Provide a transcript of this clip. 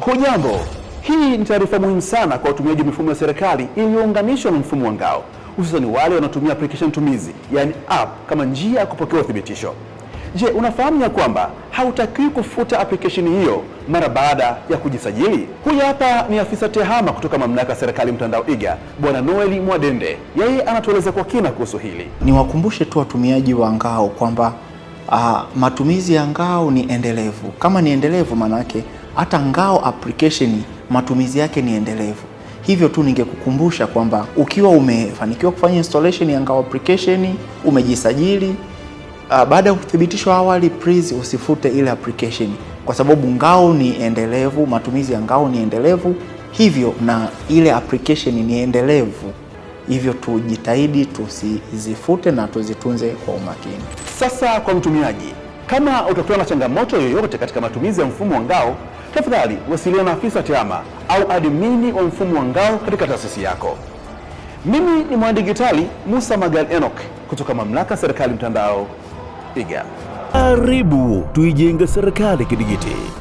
Hujambo, hii ni taarifa muhimu sana kwa watumiaji wa mifumo ya serikali iliyounganishwa na mfumo wa ngao, hususani wale wanaotumia application tumizi, yani app kama njia ya kupokea uthibitisho. Je, unafahamu ya kwamba hautakiwi kufuta application hiyo mara baada ya kujisajili? Huyu hapa ni afisa tehama kutoka mamlaka ya serikali mtandao iga Bwana Noeli Mwadende, yeye anatueleza kwa kina kuhusu hili. Niwakumbushe tu watumiaji wa ngao kwamba uh, matumizi ya ngao ni endelevu. Kama ni endelevu, maanake hata ngao application matumizi yake ni endelevu. Hivyo tu ningekukumbusha kwamba ukiwa umefanikiwa kufanya installation ya ngao application, umejisajili uh, baada ya kuthibitishwa awali, please usifute ile application kwa sababu ngao ni endelevu, matumizi ya ngao ni endelevu, hivyo na ile application ni endelevu. Hivyo tujitahidi tusizifute na tuzitunze kwa umakini. Sasa kwa mtumiaji, kama utakuwa na changamoto yoyote katika matumizi ya mfumo wa ngao, tafadhali wasiliana na afisa TEHAMA au admini wa mfumo wa ngao katika taasisi yako. Mimi ni mwanadigitali Musa Magal enok kutoka mamlaka serikali mtandao, iga karibu tuijenge serikali kidigiti.